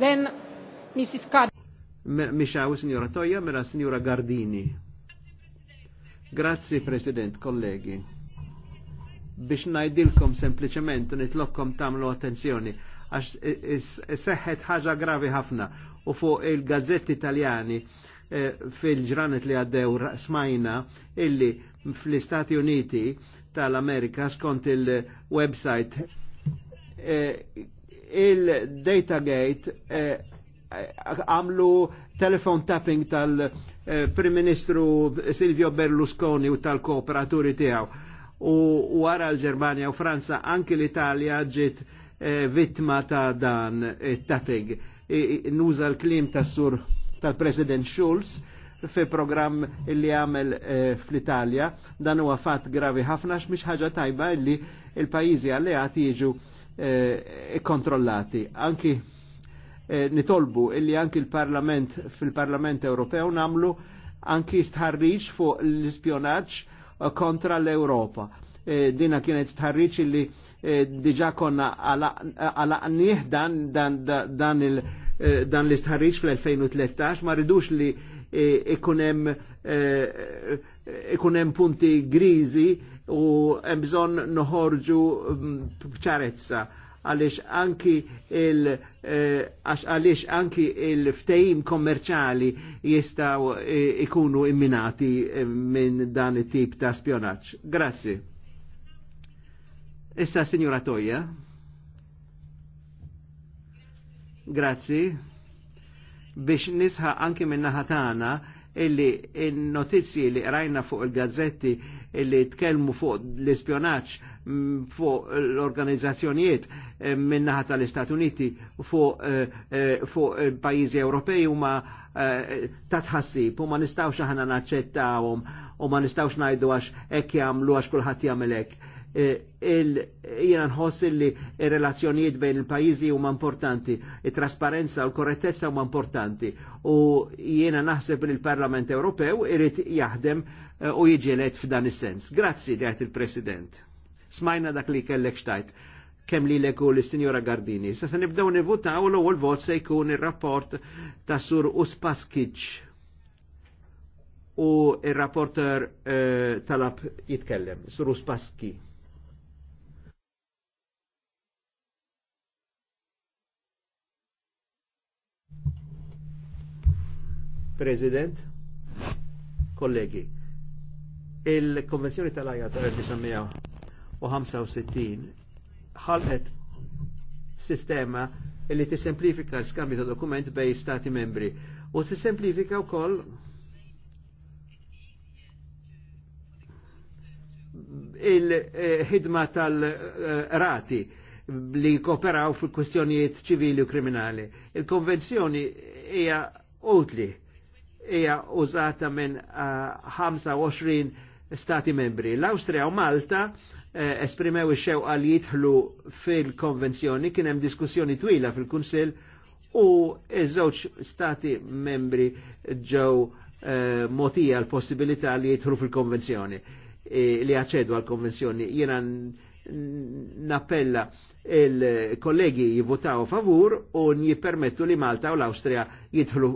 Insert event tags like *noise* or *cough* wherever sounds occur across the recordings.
Then Mrs. Cardi. Mishaw, signora Toya, mela signora Gardini. Grazie, President, kollegi. Biex najdilkom sempliciment, nitlokkom tamlu attenzjoni, għax seħħet ħaġa gravi ħafna u fuq il-gazzetti italjani eh, fil-ġranet li għaddew smajna illi fl-Istati Uniti tal-Amerika skont il-website eh, il-Datagate eh, għamlu telephone tapping tal-Prim eh, Ministru Silvio Berlusconi u tal-kooperaturi tiegħu. U għara l-Ġermanja u Franza anki l-Italja ġiet eh, vittma ta' dan tapping. Nuża l-klim tas-sur tal-President Schulz fi program li għamel fl-Italja, dan huwa fatt gravi ħafna x'mhix ħaġa tajba illi il-pajjiżi alleati jiġu Eh, kontrollati. Anki eh, nitolbu illi anki il-Parlament fil-Parlament Ewropew namlu anki stħarriċ fuq l-ispjonaċ eh, kontra l-Europa. dina kienet stħarriċ illi diġa konna għala dan, dan, dan, dan dan l-istħarriċ fl-2013 ma ridux li ikunem ikunem punti grizi u hemm bżonn noħorġu mm, b'ċarezza għaliex anki il eh, għax għaliex anki il-ftejim kommerċali jistaw eh, ikunu imminati eh, minn dan it-tip ta' spionaċ. Grazzi. Issa signora Toja. Grazzi. Biex nisħa anki minn naħatana illi il-notizji li rajna fuq il-gazzetti illi tkellmu fuq l-ispjonaġġ mm, fuq l-organizzazzjonijiet eh, minnaħa tal istat Uniti fuq eh, eh, fuq pajjiżi Ewropej huma ta' tħassib u ma nistawx aħna naċċettawhom u ma nistawx ngħidu għax hekk jagħmlu għax kulħadd jagħmel hekk jena nħoss li relazzjonijiet bejn il-pajizi huma importanti, it-trasparenza u l-korrettezza huma importanti. U jiena naħseb li l-Parlament Ewropew irid jaħdem Eh, u jiġilet f'dan is-sens. Grazzi għajt il-President. Smajna dak li kellek xtajt kem li leku l-Sinjora Gardini. Sa nibdew nivutaw l ewwel vot se jkun ir-rapport ta' Sur Uspaskic u ir-rapporter uh, talab jitkellem, Sur Uspaski. President, kollegi, Il-Konvenzjoni tal ajja tal-1965 ħalqet sistema li tissemplifika l skambi ta' dokument bej stati membri u t-semplifika u koll il-ħidma tal-rati li kooperaw fil-kwestjonijiet ċivili u kriminali. Il-konvenzjoni hija utli hija użata minn 25 ah, stati membri. L-Austria u Malta eh, esprimew ixew għal jitħlu jidħlu fil-konvenzjoni, kien hemm diskussjoni twila fil-Kunsill u iż-żewġ stati membri ġew eh, motija l-possibilità li jitħlu fil-konvenzjoni eh, li aċedu għal-konvenzjoni. Jiena nappella il-kollegi jivvotaw favur u njipermettu li Malta u l-Austria jidħlu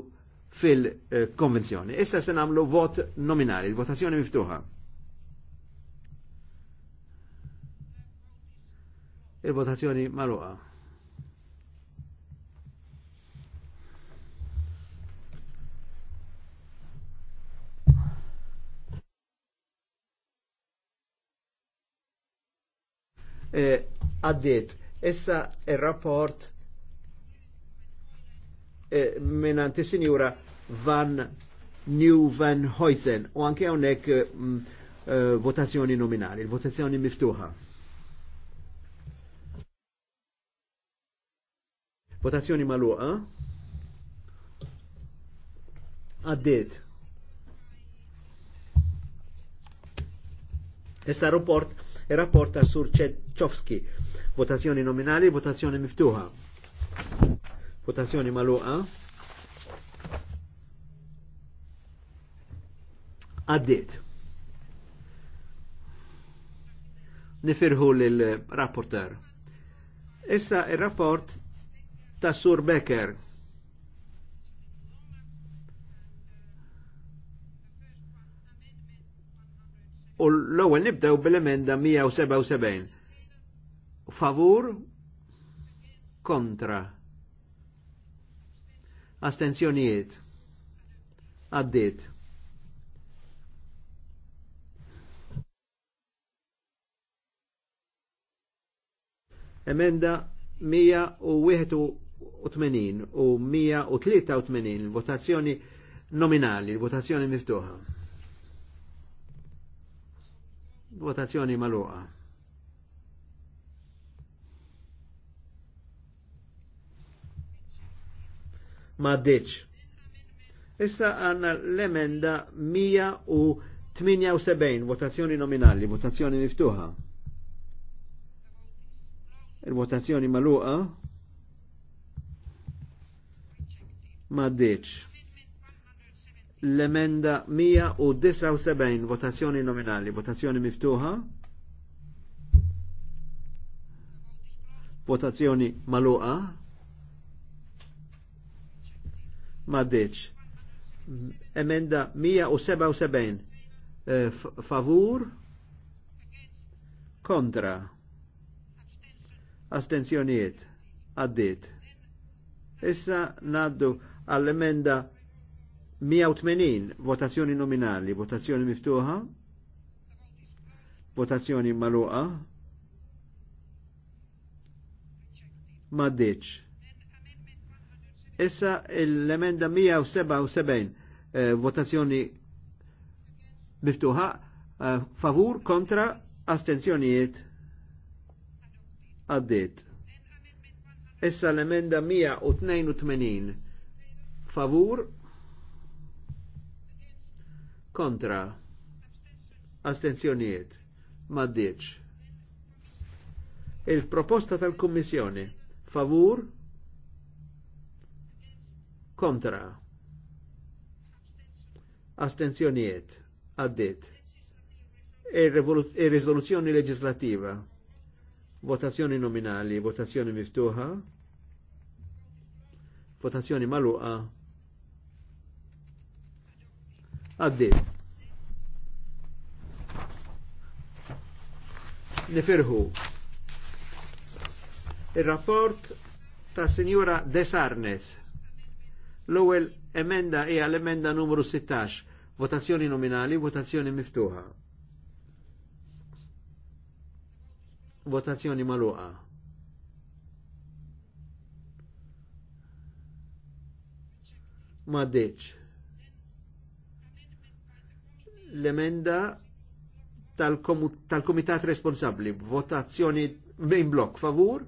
fil-konvenzjoni. Eh, Issa se namlu vot nominali, il-votazzjoni miftuħa. Il-votazzjoni maruqa. Għaddit, e, issa il-rapport e, minanti Van New Van Huyzen u anke hawnhekk mm, e, votazzjoni nominali, il-votazzjoni miftuħa. Votazzjoni maluqa. għaddit Issa rapport, rapport ta' Sur Ċovski. Votazzjoni nominali, votazzjoni miftuħa. Votazzjoni maluqa. Għaddit. Nifirħu l-rapporter. Issa il-rapport ta' Sur Becker. U l-ewwel nibdew bil-emenda 177. Favur kontra. Astenzjonijiet. Għaddiet. Emenda u 183 il-votazzjoni nominali, il-votazzjoni miftuħa. Votazzjoni maluqa. Ma ddiċ. Issa għanna l-emenda 178, votazzjoni nominali, votazzjoni miftuħa. Il-votazzjoni maluqa. maddiċ. L-emenda 179 votazzjoni nominali, votazzjoni miftuħa. Votazzjoni maluqa. Maddiċ. Emenda 177 eh, favur kontra astenzjoniet għaddit. Issa naddu għall-emenda 180 votazzjoni nominali, votazzjoni miftuħa, votazzjoni maluqa, ma Issa l-emenda 177 eh, votazzjoni miftuħa, eh, favur, kontra, astenzjonijiet, għaddit. Issa l-emenda 182 favur kontra astenzjoniet maddiċ il-proposta tal-Kommissjoni favur kontra astenzjoniet addit il-rizoluzzjoni e leġislativa votazzjoni nominali votazzjoni miftuħa votazzjoni maluqa Għaddit. Nifirħu. Il-rapport ta' Signora De Sarnes. L-ewwel emenda hija l-emenda numru 16, votazzjoni nominali, votazzjoni miftuħa. Votazzjoni maluqa. Ma' deċ l-emenda tal-Komitat tal Responsabli, votazzjoni bejn blok, favur,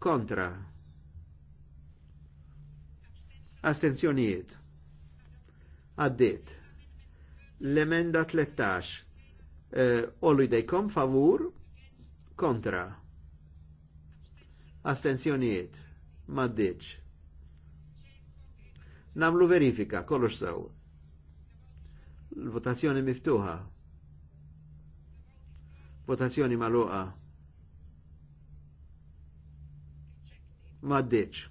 kontra, astenzjonijiet, għaddit, l-emenda 13, eh, ollu jdejkom, favur, kontra, astenzjonijiet, maddiċ. Namlu verifika, kollox sew. L-votazzjoni miftuħa. Votazzjoni maluqa. Maddiċ.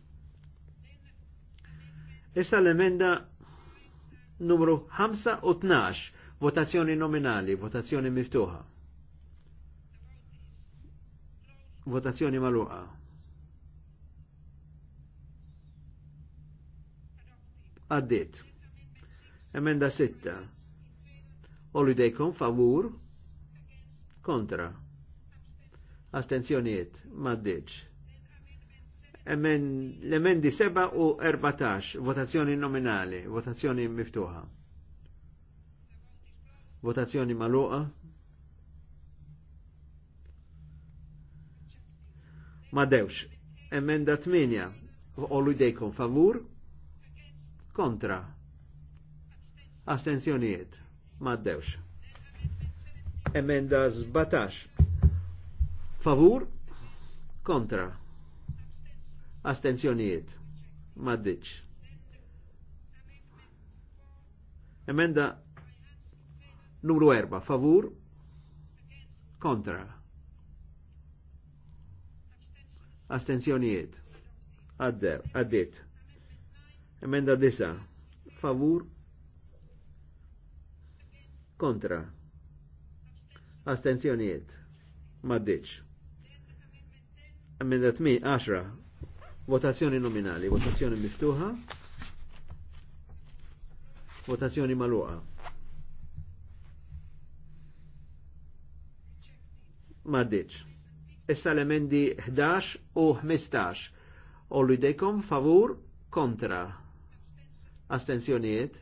Issa l-emenda numru 5 u 12, votazzjoni nominali, votazzjoni miftuħa. Votazzjoni maluqa. Għaddit. Emenda 6 Olidejkom favur kontra. Astenzjoniet, maddeċ emmen l-emendi 7 u 14, votazzjoni nominali, votazzjoni miftuħa. Votazzjoni maluqa. maddewx Emenda 8, ollu favur, kontra. Astenzjoniet maddewx. Emenda 17. Favur? Kontra. Astenzjonijiet. Maddiċ. Emenda numru 4. Favur? Kontra. Astenzjonijiet. Adder, addit. Emenda 9. Favur? kontra astenzjonijiet maddiċ emmendat mi 10 votazzjoni nominali votazzjoni miftuħa votazzjoni maluqa maddiċ issa l-emendi 11 u 15 ollu jdejkom favur kontra astenzjonijiet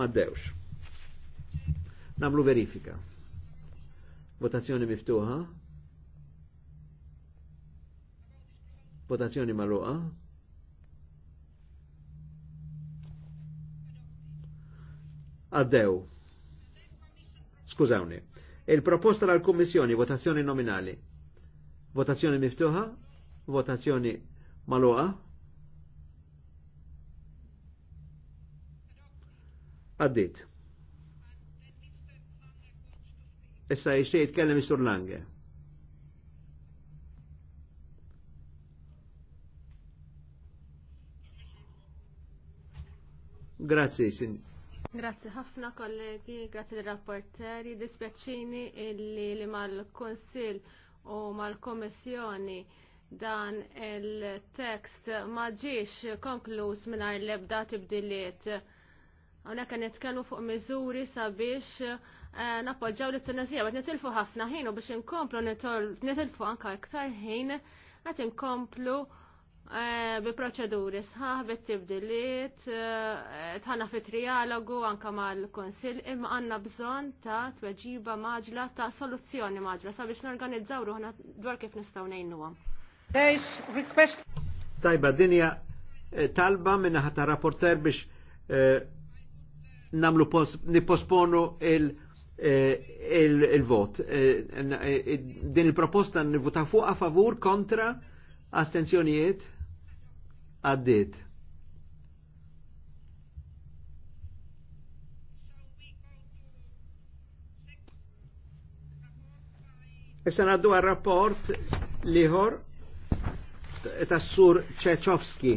maddewx. Namlu verifika. Votazzjoni miftuħa. Votazzjoni maluqa. Addew. Skużawni. Il-proposta dal kummissjoni votazzjoni nominali. Votazzjoni miftuħa, votazzjoni maluqa. Addit. Issa jixtieq jitkellem is-Sur Lange. Grazzi. sin. Grazzi ħafna kollegi, grazzi l-rapporteri, dispjaċini illi li mal-Konsil u mal-Komissjoni dan il-tekst ma ġiex konkluż mingħajr l-ebda tibdiliet. Hawnhekk kan nitkellmu fuq miżuri sabiex Eh, nappoġġaw li t-Tunezija, għet nitilfu ħafna ħin u biex inkomplu nitilfu anka iktar ħin għet inkomplu eh, bi proċeduri sħaħ, bi tibdiliet, eh, tħanna fi trialogu anka mal-konsil, imma għanna bżon ta' tweġiba maġla ta' soluzzjoni maġla, sabiex norganizzaw ruħna dwar kif nistaw nejnu għam. Tajba, dinja talba minna ħata rapporter biex namlu niposponu il- Eh, il-vot. Eh, eh, din il-proposta nivvota fuq a favur kontra astenzjonijiet għaddit. Issa għaddu għal-rapport liħor tas-sur Ċeċovski.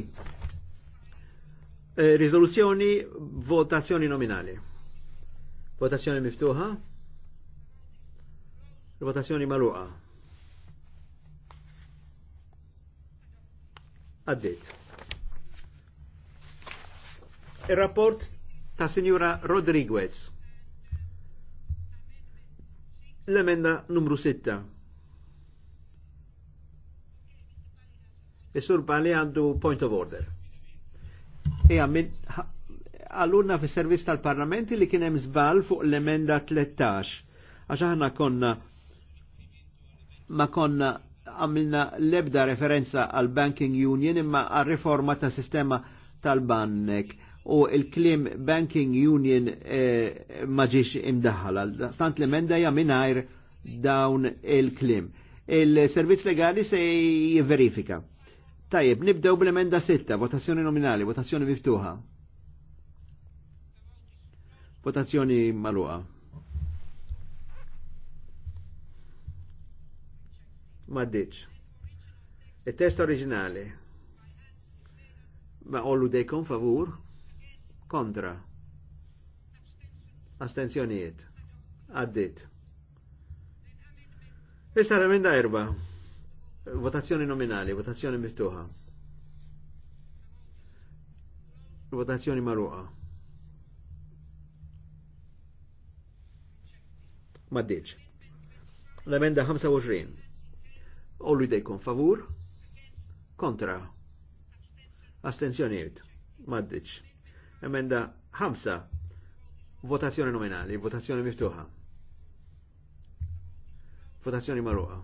Rizoluzzjoni votazzjoni nominali. Votazzjoni miftuħa. Votazzjoni maluqa. Għaddit. Il-rapport ta' Signora Rodriguez. L-emenda numru 6. Is-sur Pali għandu point of order. Ija għallunna fis servizz tal-parlamenti li kienem zbal fuq l-emenda 13. Għax aħna konna ma konna għamilna lebda referenza għal Banking Union imma għal riforma ta' sistema tal-bannek u il-klim Banking Union eh, imdaħħal imdaħħala. Stant l-emenda jaminajr dawn il-klim. Il-servizz legali se jiverifika. Tajib, nibdew bl-emenda 6, votazzjoni nominali, votazzjoni miftuħa. Votazzjoni maluqa. Maddiċ. Il-test oriġinali. Ma ollu dejkom favur? Kontra. Astenzjonijiet. Addit. Issa remenda erba. Votazzjoni nominali, votazzjoni miftuħa. Votazzjoni maruqa. maddiċ. L-emenda 25. Ollu jdejkun favur, kontra, astenzjoniet, maddiċ. Emenda 5. Votazzjoni nominali, votazzjoni miftuħa. Votazzjoni marruqa.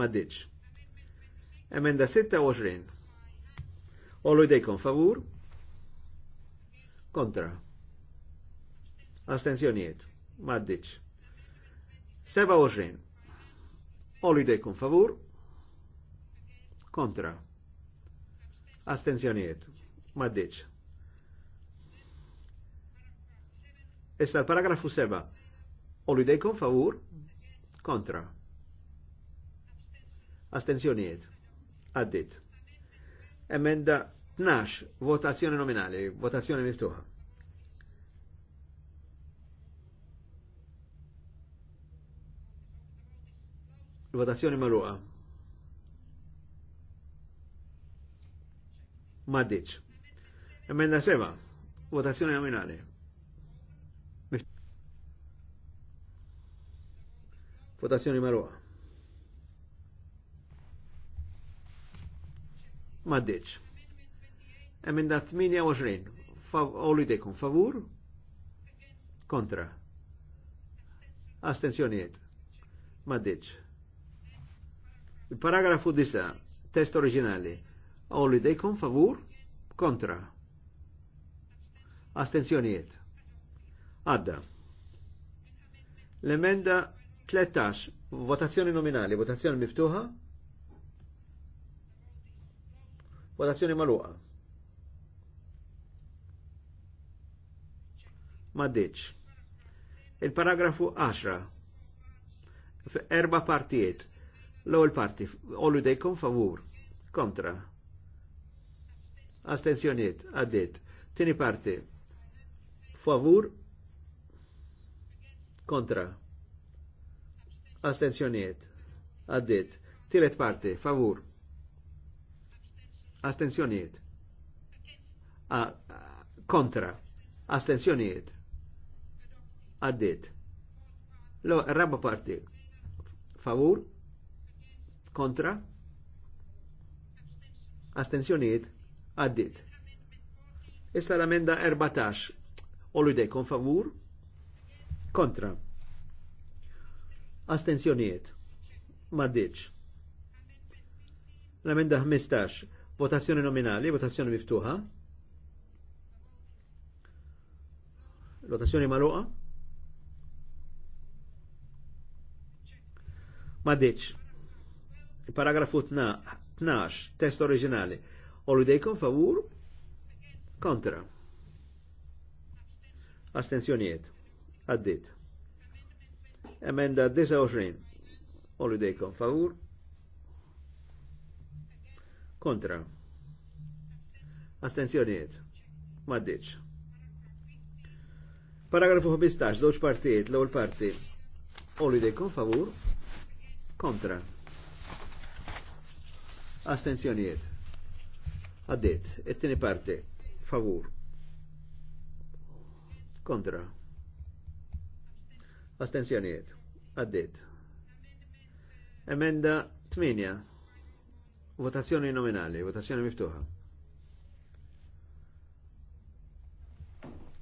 Maddiċ. Emenda 26. Ollu jdejkun favur, Contra. Astenzjoniet. Maddiċ. 27. Holiday kun favur. Kontra. Astenzjoniet. Maddiċ. Issa l-paragrafu 7. Holiday kun favur. Kontra. Astenzjoniet. Addit. Emenda 12. Votazzjoni nominali. Votazzjoni miftuħa. Votazzjoni marruqa. Maddiċ. Emenda seba. Votazzjoni nominali. Votazzjoni marruqa. Maddiċ. Emenda 28. Għolli tekun favur? Kontra. Astenzjoniet. Maddiċ. Il-paragrafu disa, test oriġinali. Olli dejkom favur, kontra. Astenzjonijiet. Għadda. L-emenda 13, votazzjoni nominali, votazzjoni miftuħa. Votazzjoni maluqa. Maddiċ. Il-paragrafu 10. Erba partijiet L-ewwel parti, ollu dejkom favur, kontra. Astenzjoniet, għaddit. Tini parti, favur, kontra. Astenzjoniet, għaddit. Tilet parti, favur. Astenzjoniet. Kontra. Astenzjoniet. Għaddit. Lo, rabba parti, favur, kontra Astenzjoniet, għaddit. Issa l-amenda 14. Oludej kon favur? Kontra. Astenzjoniet. Maddiċ. L-amenda 15. Votazzjoni nominali, votazzjoni miftuħa. Votazzjoni maluqa. Maddiċ. Paragrafu 12, test oriġinali. Ollu dejkom favur? Kontra. Astenzjoniet. Għaddit. Emenda 29. Ollu dejkom favur? Kontra. Astenzjoniet. Maddiċ. Paragrafu 15, zoċ partijiet, l-ewwel parti. Ollu dejkom favur? Kontra. Astenzjonijiet. Għaddit. It-tieni parti. Favur. Kontra. Astensjonijiet. Għaddit. Emenda 8. Votazzjoni nominali, votazzjoni miftuħa.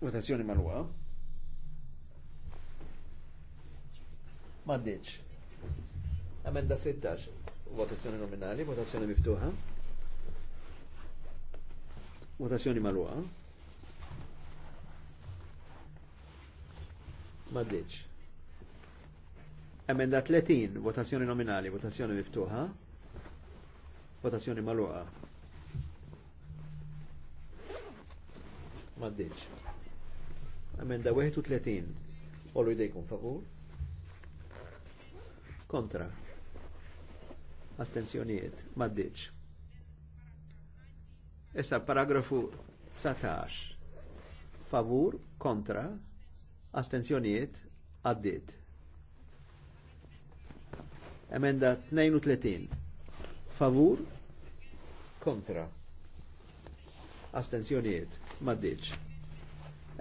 Votazzjoni malwa. Maddiċ. Emenda 16 votazzjoni nominali, votazzjoni miftuħa, votazzjoni malwa. Maddiċ. Emenda 30, votazzjoni nominali, votazzjoni miftuħa, votazzjoni malwa. Maddiċ. Emenda 31, olu jdejkun favur. Kontra astenzjonijiet maddiċ. Issa paragrafu satax. favur kontra astenzjonijiet għaddit. Emenda 32 favur kontra astenzjonijiet maddiċ.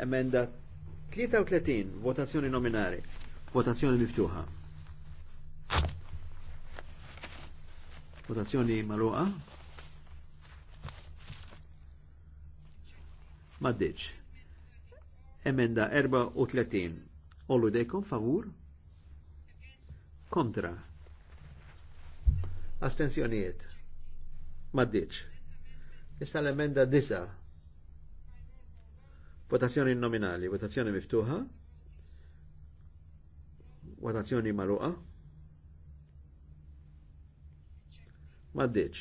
Emenda 33 votazzjoni nominari votazzjoni miftuħa. Votazzjoni maluqa. Maddeċ. Emenda 34. Ollu Dekom favur? Kontra. Astenzjonijiet. Maddeċ. Issa l-emenda 9. Votazzjoni nominali, votazzjoni miftuħa, votazzjoni maluqa. maddiċ.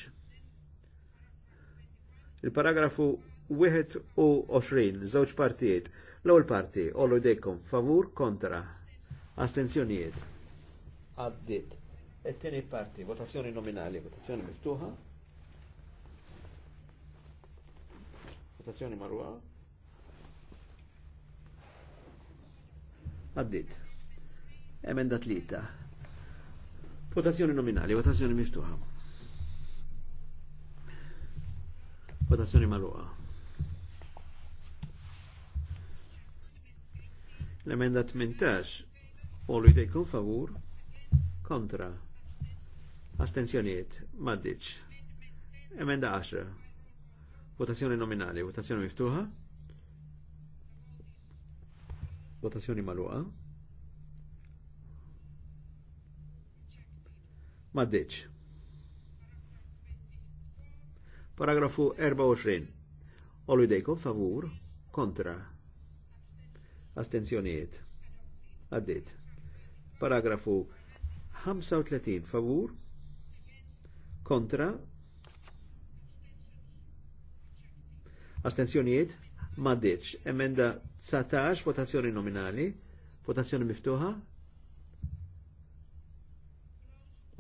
Il-paragrafu 21, żewġ partijiet. L-ewwel parti, ollu jdejkom, favur, kontra, astenzjonijiet. Għaddit. Et-tieni parti, votazzjoni nominali, votazzjoni miftuħa. Votazzjoni marwa. Għaddit. Emenda tlita. Votazzjoni nominali, votazzjoni miftuħa. Votazzjoni marruqa. L-emenda 18. Olu jtejkun favur. Kontra. Astenzjoniet. Maddiċ. Emenda 10. Votazzjoni nominali. Votazzjoni miftuħa. Votazzjoni marruqa. Maddiċ. Paragrafu 24. Olu dejkom favur, kontra. Astenzjonijiet. Għaddit. Paragrafu 35 favur, kontra. Astenzjonijiet. maddeċ, Emenda 19, votazzjoni nominali. Votazzjoni miftuħa.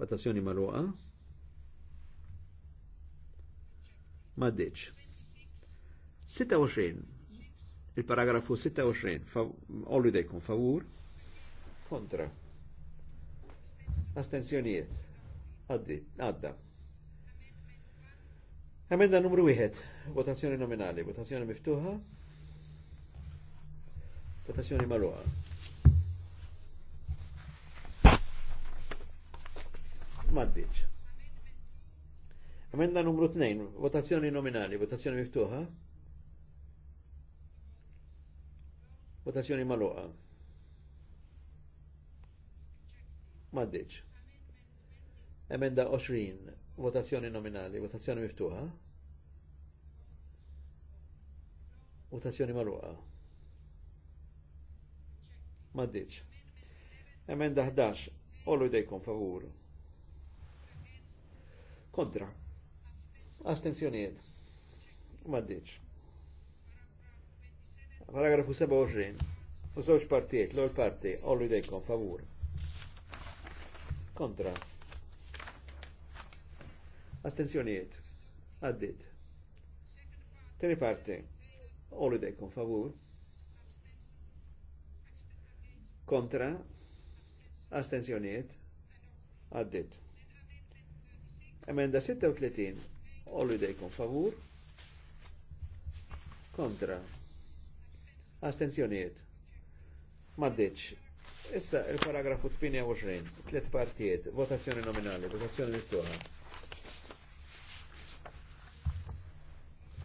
Votazzjoni maluqa. maddeċ. 26, il-paragrafu 26, ollu dejkun favur, kontra. Astenzjoniet. għaddi, għadda. Emenda numru 1, votazzjoni nominali, votazzjoni miftuħa, votazzjoni marruħa. Maddeċ. Emenda numru 2, votazzjoni nominali, votazzjoni miftuħa. Votazzjoni maluqa. Maddiċ. Emenda 20, votazzjoni nominali, votazzjoni miftuħa. Votazzjoni maluqa. Maddiċ. Emenda 11, ollu idejkom favur. Kontra. Astenzjoniet. Maddiċ. Paragrafu 27. U żewġ partijiet, l-ewwel parti, ollu jdejkom favur. Kontra. Astenzjoniet. Għaddit. Tieni parti, ollu jdejkom favur. Kontra. Astenzjoniet. Addit. Emenda 36 Ollu jdejkom favur. Kontra. Astenzjoniet. Maddeċ. Issa il-paragrafu 28, tliet partijiet, votazzjoni nominali, votazzjoni mittuħa.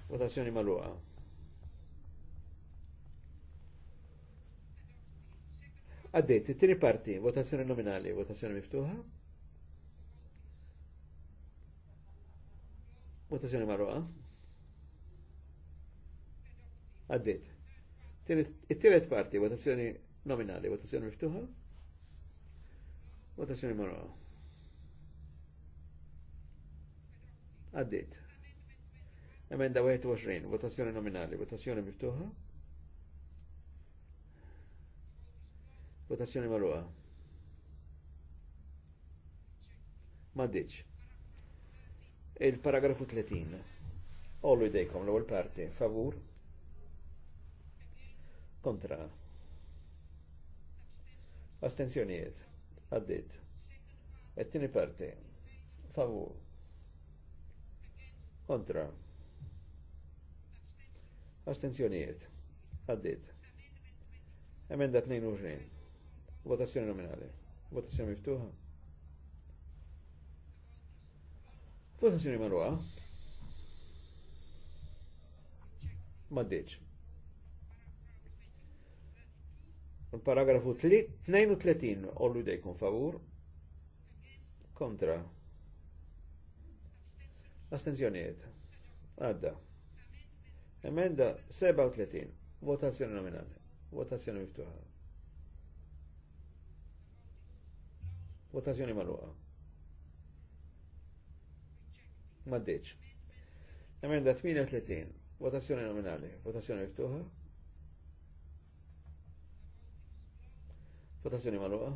Votazzjoni maluqa. Għaddejt, it-tini parti, votazzjoni nominali, votazzjoni miftuħa. Votazzjoni marruqa. Għaddit. Il-tiret parti, votazzjoni nominali, votazzjoni miftuħa. Votazzjoni marruqa. Għaddit. Emenda 21, votazzjoni nominali, votazzjoni miftuħa. Votazzjoni marruqa. Ma ditx il-paragrafu 30. Ollu jdejkom l-ewwel parti, favur, kontra. Astenzjonijiet, għaddit. Et-tieni parti, favur, kontra. Astenzjonijiet, għaddit. Emenda 22, votazzjoni nominali, votazzjoni miftuħa. Votazzjoni marwa. Maddeċ. U l-paragrafu 32, ollu dejkun favur. Kontra. Astenzjoniet. Adda. Emenda 37. Votazione nominale. Votazione miftuħa. Votazione marruqa maddeċ. Emenda 38, votazzjoni nominali, votazzjoni ftuħa, votazzjoni maluqa,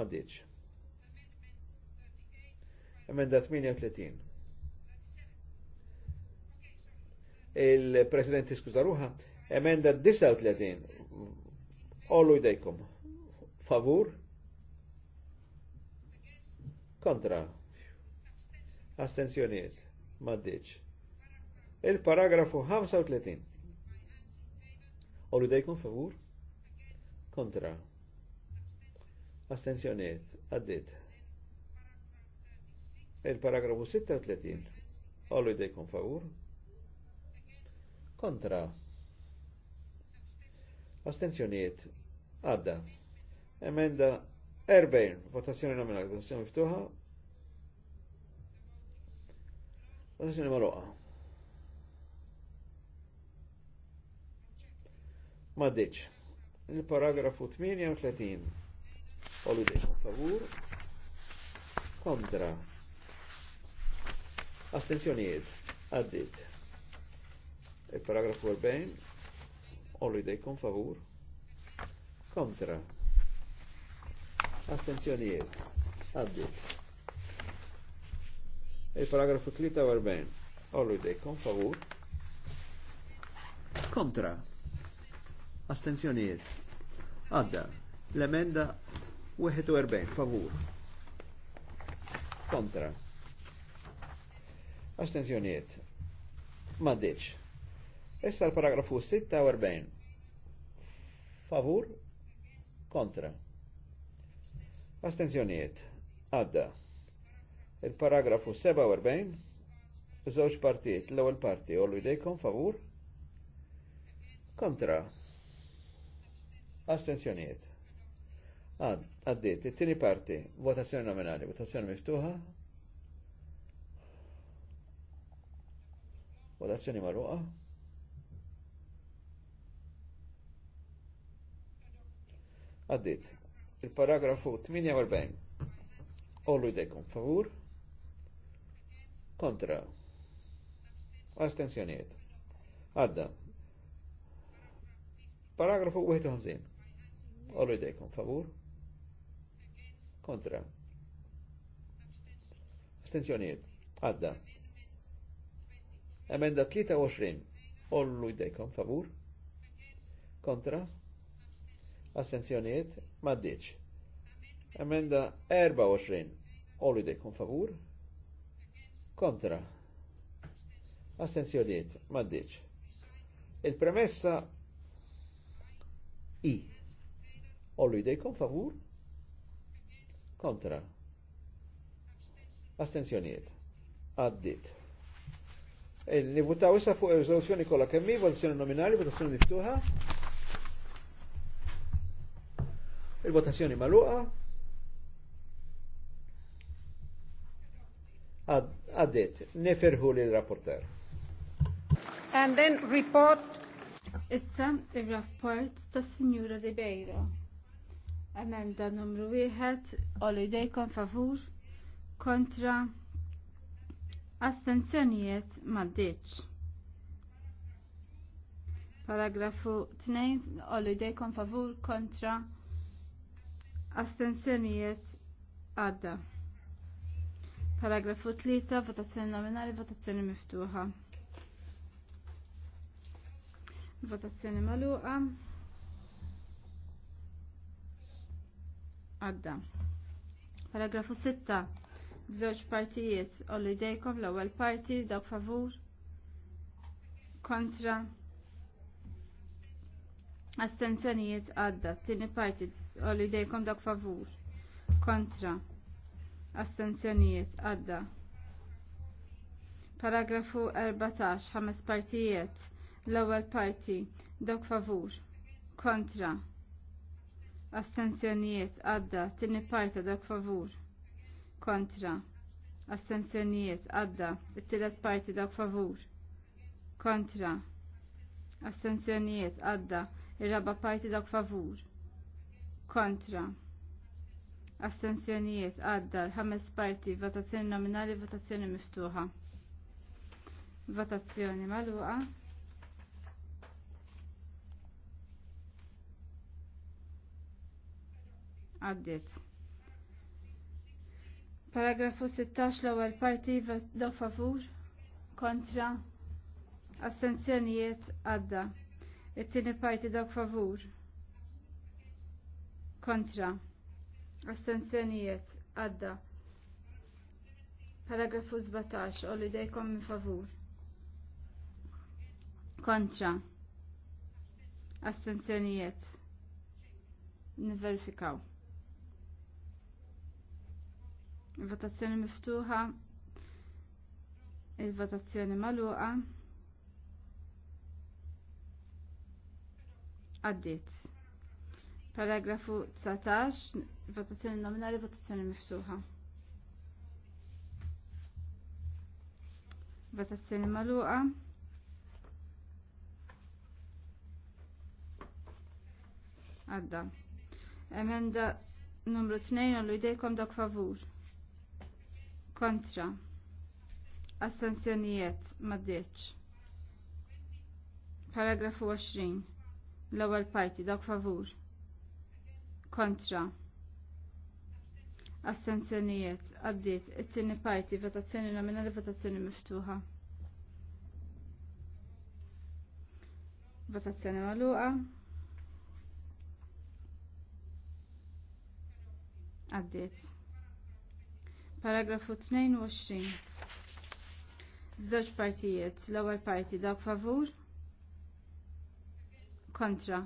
maddeċ. Emenda 38. Il-President iskuza ruħa, emenda 39, ollu idejkom, favur, kontra astenzjoniet maddiċ il-paragrafu 35 Olu dejkun favur kontra astenzjoniet għaddit il-paragrafu 36 Olu dejkun favur kontra astenzjoniet għadda emenda Erbejn, votazzjoni nominali, votazzjoni miftuħa. Votazzjoni marruqa. Ma Il-paragrafu 38. Holiday, favur. Kontra. Astenzjonijiet. Għaddit. Il-paragrafu 40. Holiday, kon favur. Kontra. Astenzjonijiet. Għaddit. Il-paragrafu e 43. Ollu kom favur. Kontra. Astenzjonijiet. Għadda. L-emenda 41, favur. Kontra. Astenzjonijiet. Maddiċ. Issa l-paragrafu 46. Favur. Kontra. Astenzjoniet. Għadda. Il-paragrafu 47, zoċ partijiet, l-ewwel parti l jdejkom favur. Kontra. Astenzjoniet. Għaddit, it-tieni parti, votazzjoni nominali, votazzjoni miftuħa. Votazzjoni marruqa. Għaddit il-paragrafu 48. Ollu jdekum favur. Kontra. Astenzjoniet. Għadda. Paragrafu 51. Ollu jdekum favur. Kontra. Astenzjoniet. Għadda. Emenda 23. Ollu jdekum favur. Kontra. Astenzjoniet maddiċ. Emenda 24. olide kun favur. Kontra. Astenzjoniet maddiċ. Il-premessa i. olide kun favur. Kontra. Astenzjoniet. Addit. Eh, Nivutaw issa fuq il-rezoluzjoni kolla kemmi, votazzjoni nominali, votazzjoni miftuħa. Il-votazzjoni maluqa. Għaddit, neferħu li l-rapporter. And then report. Issa il-rapport tas Signora Ribeiro. Emenda numru wieħed, kon favur, kontra astenzjonijiet maddeċ Paragrafu 2, kon favur, kontra Astenzjonijiet għadda. Paragrafu 3, votazzjoni nominali, votazzjoni miftuħa. Votazzjoni maluqa. Għadda. Paragrafu 6, bżoċ partijiet, ollu dejkom l-ewwel parti, daw favur, kontra, astensjonijiet għadda, t-tieni parti għalli dejkom dak favur. Kontra. Astenzjonijiet. Għadda. Paragrafu 14. Ħames partijiet. L-ewwel parti. Dak favur. Kontra. Astenzjonijiet. Għadda. Tini parti dak favur. Kontra. Astenzjonijiet. Għadda. It-tielet parti dak favur. Kontra. Astenzjonijiet. Għadda. Ir-raba parti dak favur kontra astensjonijiet għadda l-ħames parti votazzjoni nominali votazzjoni miftuħa votazzjoni magħluqa. għaddiet Paragrafu 16 l-ewwel parti do favur kontra astenzjonijiet għadda. It-tieni parti dawk favur kontra astenzjonijiet għadda paragrafu 17 u li dejkom mi favur kontra astenzjonijiet niverifikaw votazzjoni miftuħa il-votazzjoni magħluqa għaddiet Paragrafu 19, votazzjoni nominali, votazzjoni miftuħa. Votazzjoni maluqa. Għadda. Emenda numru 2 għallu idejkom dak favur. Kontra. Astenzjonijiet maddeċ. Paragrafu 20. L-ewwel parti dak favur kontra astenzjonijiet għaddiet it-tieni parti votazzjoni nominali votazzjoni miftuħa. Votazzjoni magħluqa. Għaddiet. Paragrafu 22. Żewġ partijiet. L-ewwel parti dawk favur. Kontra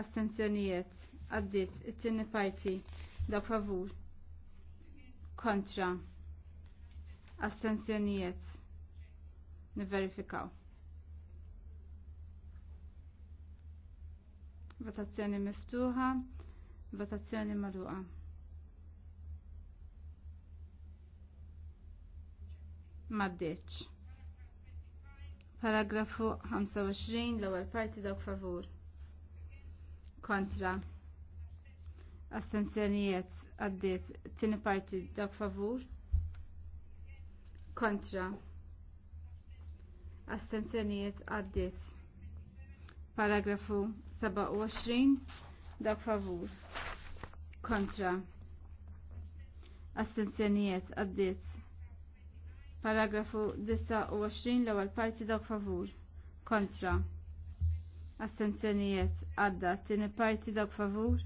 astenzjonijiet għaddit it-tieni parti dawk favur kontra astenzjonijiet niverifikaw. Votazzjoni miftuħa, votazzjoni magħluqa. Maddeċ. Paragrafu 25 l-ewwel parti dawk favur kontra astenzjonijiet għaddiet tieni parti dak favur kontra astenzjonijiet għaddiet paragrafu 27 dak favur kontra astenzjonijiet għaddiet paragrafu 29 l-ewwel parti dak favur kontra astenzjonijiet għadda t-tini parti dawk favur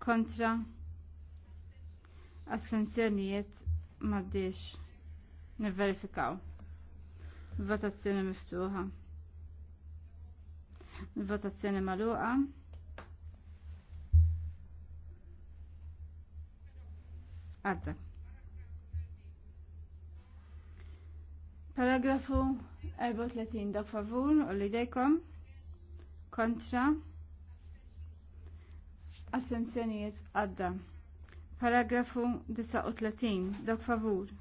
kontra astenzjonijiet maddiex nivverifikaw. Votazzjoni miftuħa. Votazzjoni maluqa. Għadda. Paragrafu 34 da favur u li dejkom kontra assenzjonijiet għadda. Paragrafu 39, dak favur.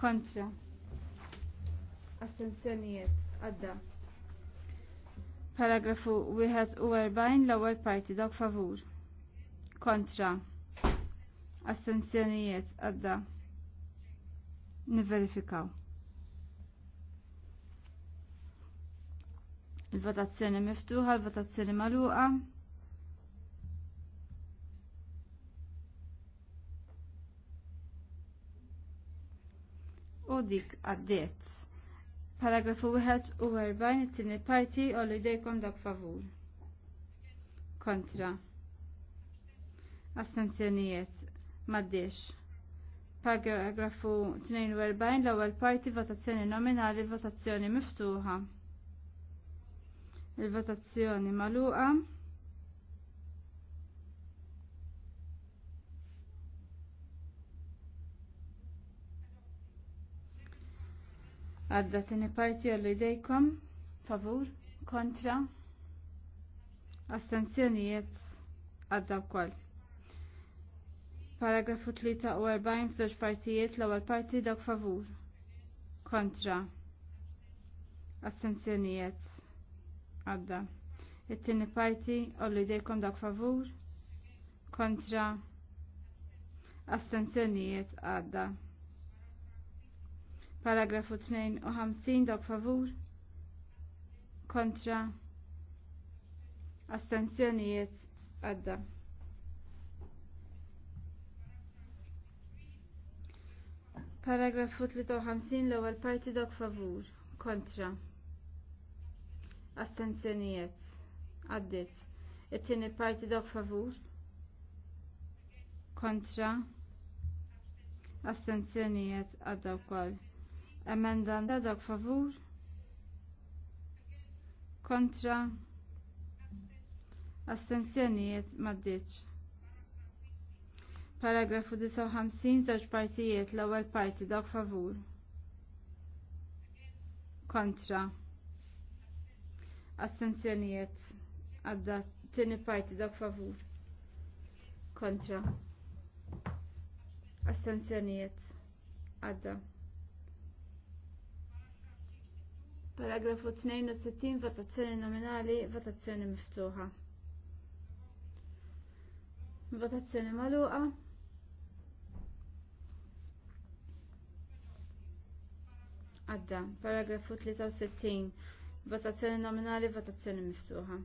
Kontra. assenzjonijiet għadda. Paragrafu 41, l party, parti, favur. Kontra. Astenzjonijiet għadda. Niverifikaw. Il-votazzjoni miftuħa, il-votazzjoni maluqa. U dik għaddiet. Paragrafu 1 u 40 it-tieni parti u li dejkom dak favur. Kontra. Astenzjonijiet. Maddiex. Paragrafu 42 l-ewwel parti votazzjoni nominali, votazzjoni miftuħa. Il-votazzjoni maluqa. Għadda tini parti għallu idejkom, favur, kontra, astenzjonijiet għadda wkoll. Paragrafu 43 f'żewġ partijiet l-ewwel parti dak favur, kontra, astenzjonijiet għadda. It-tieni parti ollu jdejkom dak favur kontra astenzjonijiet għadda. Paragrafu 52 dak favur kontra astenzjonijiet għadda. Paragrafu 53 l-ewwel parti dak favur kontra astenzjonijiet għaddit it-tieni parti dawk favur kontra astenzjonijiet għadda wkoll da dawk favur kontra astenzjonijiet m'għaddiċ Paragrafu 59 żewġ partijiet l-ewwel parti dawk favur kontra astenzjonijiet għadda tini parti dak favur kontra astenzjonijiet għadda Paragrafu 62 votazzjoni nominali votazzjoni miftuħa Votazzjoni maluqa Għadda, paragrafu 63 Votazzjoni nominali, votazzjoni miftuħa.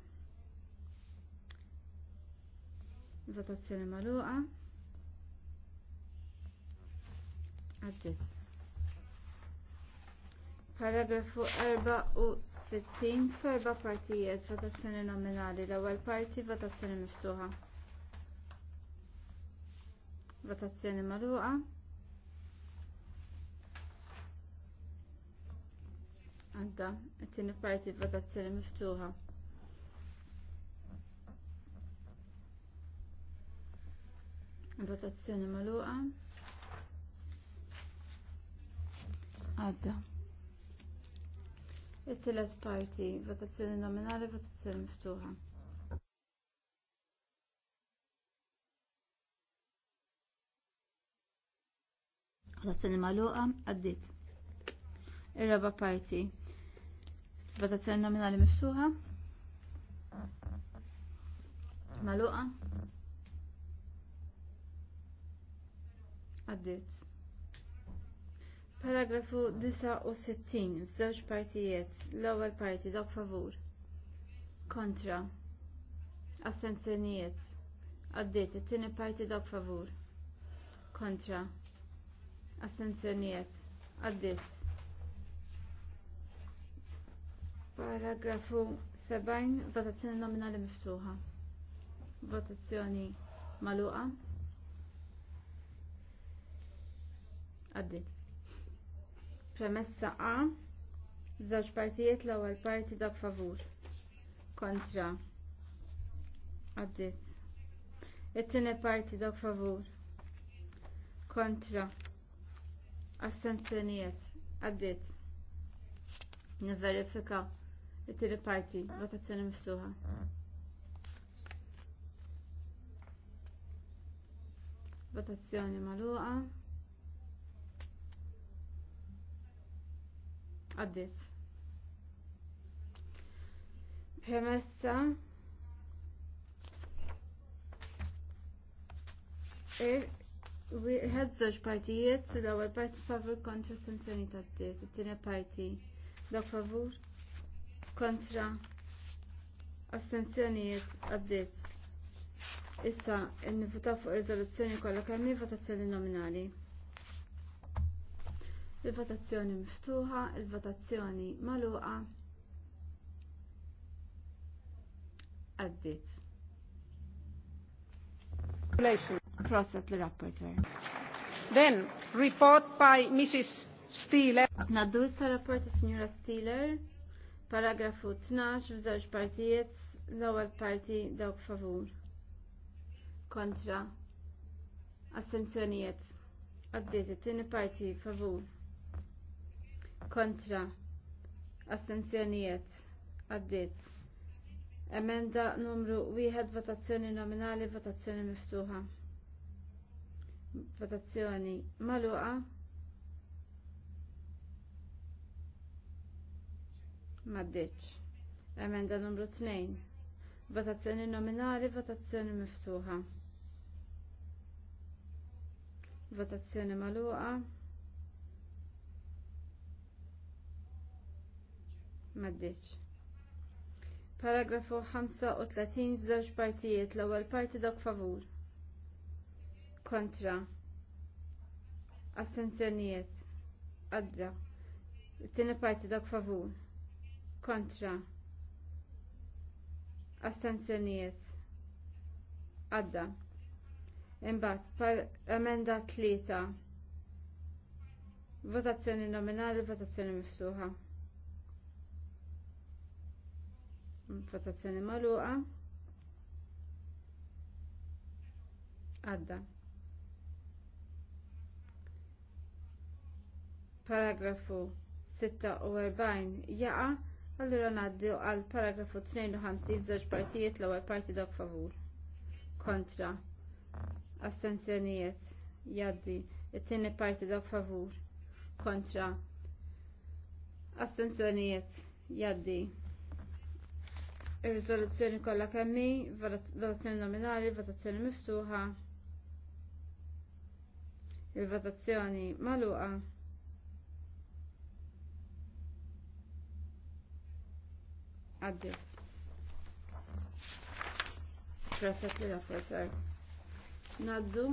Votazzjoni maluqa. Għaddit. Paragrafu 64 f'erba' partijiet votazzjoni nominali l-ewwel parti votazzjoni miftuħa. Votazzjoni maluqa. għadda it-tieni parti votazzjoni miftuħa. Votazzjoni magħluqa. Għadda. It-tielet parti votazzjoni nominali, votazzjoni miftuħa. Votazzjoni magħluqa għaddiet. Ir-raba parti Votazzjoni nominali mifsuħa? Maluqa. Għaddit. Paragrafu 69 f'żewġ partijiet. L-ewwel parti dok favur. Kontra. Astenzjonijiet. Għaddit, it-tieni parti dok favur. Kontra. Astenzjonijiet. Għaddit. Paragrafu 70, votazzjoni nominali miftuħa. Votazzjoni maluqa. Għaddit. Premessa A. Żewġ partijiet l-ewwel parti dak favur. Kontra. Għaddit. It-tieni parti dak favur. Kontra. Astenzjonijiet. Għaddit. Niverifika. verifika it-tieni parti, votazzjoni miftuħa. Votazzjoni magħluqa. Għaddit. Premessa e, Ħed żewġ partijiet, l-ewwel parti favur kontra sanzjoni tad-diet, it-tieni parti dak favur kontra astenzjonijiet għaddit. Issa, nivutaw fuq riżoluzzjoni kollha kemm votazzjoni nominali. Il-votazzjoni miftuħa, il-votazzjoni magħluqa. Għaddit. Proset the rapporteur. Then, report by Mrs. Steeler. Naddu issa rapport ta' Signora Steeler. Paragrafu 12 f'żewġ partijiet l-ewwel parti dawk favur. Kontra. Astenzjonijiet. Għaddiet it-tieni parti favur. Kontra. Astenzjonijiet. Għaddiet. Emenda numru wieħed votazzjoni nominali, votazzjoni miftuħa. Votazzjoni magħluqa. Maddiċ. Emenda numru 2. Votazzjoni nominali, votazzjoni miftuħa. Votazzjoni maluqa. Maddiċ. Paragrafu 35 f'żewġ partijiet l-ewwel parti dok favur. Kontra. Astenzjonijiet. Għadda. It-tieni parti dok favur kontra astenzjonijiet għadda imbagħad par emenda tlieta votazzjoni nominali votazzjoni miftuħa votazzjoni magħluqa għadda paragrafu 46 jaqa' Allura naddu għal paragrafu 52 f'żewġ partijiet l-ewwel parti dak favur. Kontra. Astenzjonijiet. Jaddi. It-tieni parti dak favur. Kontra. Astenzjonijiet. Jaddi. Ir-riżoluzzjoni kollha kemm hi, votazzjoni nominali, votazzjoni miftuħa. Il-votazzjoni magħluqa. Għaddit. Proċess li l Naddu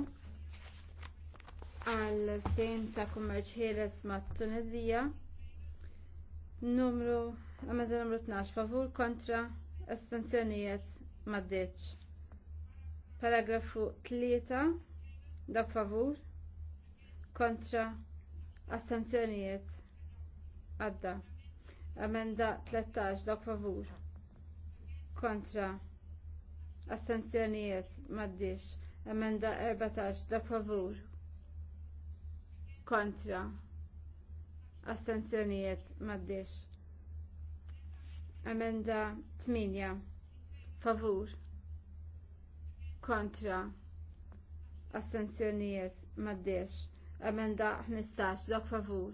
għal ftejn ta' kummerċ ħieles ma' Tunezija. Numru, numru 12, favur kontra estensjonijiet ma' deċ. Paragrafu 3, dak favur kontra astenzjonijiet għadda. Amenda 13 dak favur. Kontra. Astenzjonijiet maddix. Amenda 14 dak favur. Kontra. Astenzjonijiet maddix. Amenda 8 favur. Kontra. Astenzjonijiet maddix. Amenda 15 dak favur.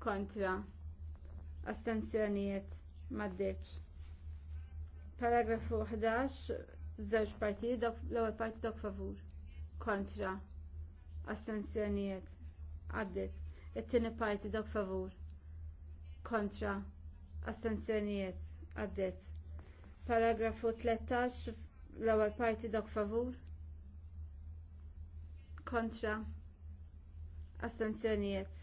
Kontra astenzjonijiet maddeċ. Paragrafu 11 żewġ partijiet l-ewwel parti dok favur kontra astenzjonijiet għaddit. It-tieni parti dok favur kontra astenzjonijiet għaddit. Paragrafu 13 l-ewwel parti dok favur kontra astenzjonijiet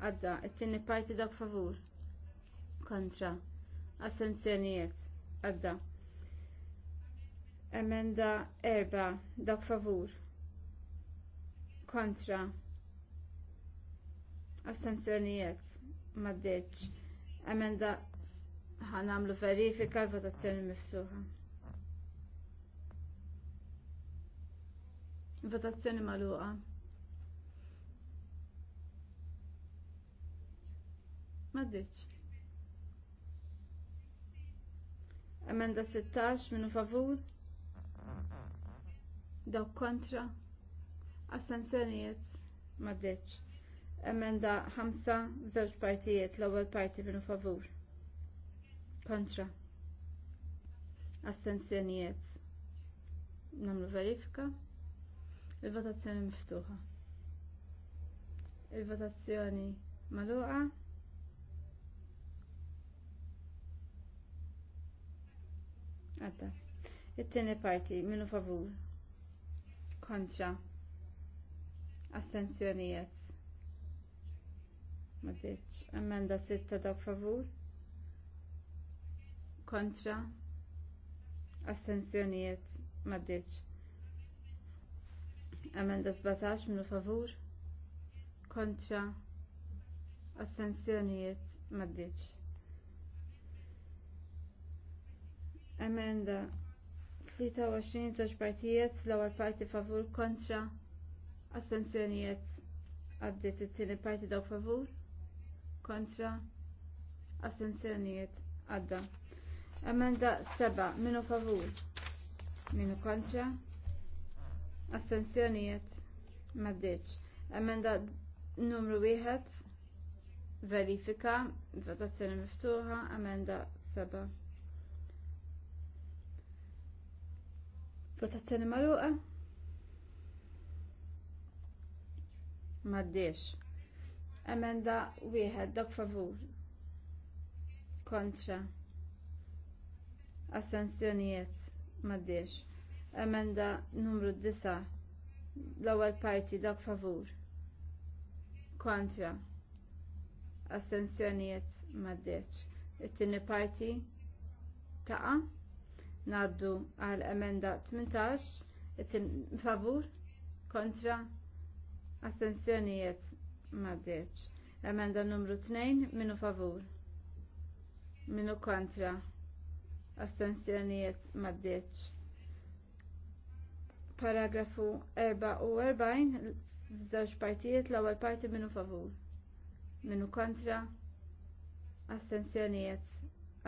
għadda. It-tieni parti dok favur kontra astenzjonijiet għadda. Emenda erba dak favur kontra astenzjonijiet maddeċ. Emenda ħanamlu verifika l-votazzjoni miftuħa. Votazzjoni maluqa. Maddeċ. Emenda 16 minu favur. Dawk kontra. Astenzjonijiet ma deċ. Emenda 5 żewġ partijiet l-ewwel parti minu favur. Kontra. Astenzjonijiet. Namlu verifika. Il-votazzjoni miftuħa. Il-votazzjoni maluqa. Għadda. It-tieni parti minu favur. Kontra. assenzjonijiet. Ma bitx. Emenda sitta dawk favur. Kontra. Astenzjonijiet. Ma bitx. Emenda 17 minu favur. Kontra. assenzjonijiet Ma Emenda 23 żewġ partijiet l-ewwel parti favur kontra astensjonijiet għaddiet it-tieni parti dawk favur kontra astensjonijiet għadda. Emenda 7 minu favur minu kontra astensjonijiet maddiċ. Emenda numru wieħed verifika, votazzjoni miftuħa, emenda 7. Votazzjoni maluqa. Maddiex. Emenda wieħed dak favur. Kontra. Astensjonijiet. Maddiex. Emenda numru 9. L-ewwel parti dak favur. Kontra. Astensjonijiet. Maddiex. It-tieni parti taqa' Naddu għal emenda 18 favur kontra astensjonijiet maddeċ. Emenda numru 2 minu favur. Minu kontra astensjonijiet maddeċ. Paragrafu 44 f'żewġ partijiet l-ewwel parti minu favur. Minu kontra astensjonijiet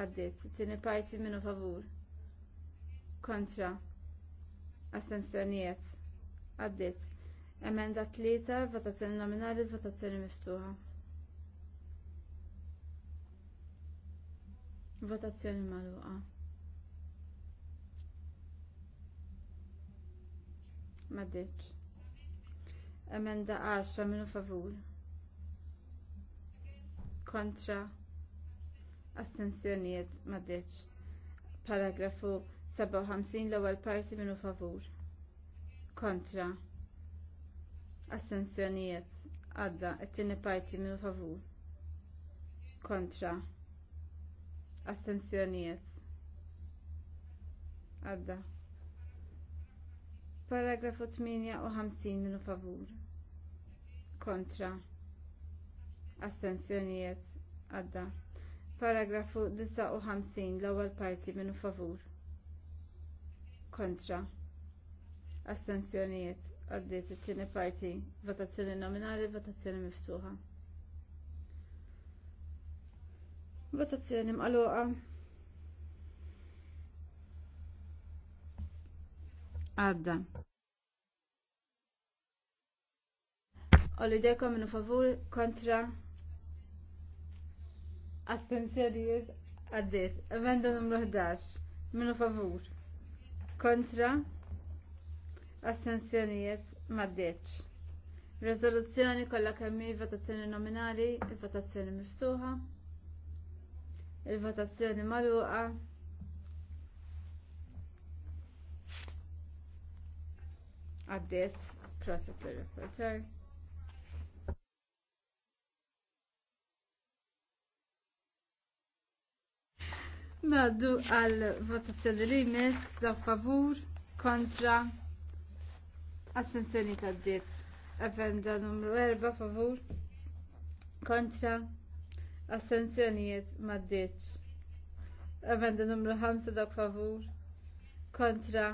għaddiet. tini parti minu favur kontra astensjonijiet għaddit emenda tlieta votazzjoni nominali votazzjoni miftuħa votazzjoni magħluqa m'għaddietx emenda 10 minu favur kontra astensjonijiet m'għaddietx paragrafu 57 l-ewwel parti minnu favur. Kontra. Assenzjonijiet. Għadda it-tieni parti minnu favur. Kontra. Assenzjonijiet. Għadda. Paragrafu 58 minnu favur. Kontra. Astensjonijiet. Għadda. Paragrafu 59 l-ewwel parti minnu favur kontra astensjonijiet għaddiet it-tieni parti votazzjoni nominali votazzjoni miftuħa. Votazzjoni mqaluqa. Għadda. Olli minu favur kontra astensjonijiet għaddiet. Emenda numru 11 minu favur kontra astensjonijiet maddeċ. Rezoluzzjoni kollha kemm votazzjoni nominali, il-votazzjoni miftuħa, il-votazzjoni magħluqa. Addiet, process the reporter Naddu għal votazzjoni li jmiss da favur kontra attenzjoni ta' d-diet. Avenda numru 4 favur kontra astenzjonijiet ma' d-diet. Avenda numru 5 da' favur kontra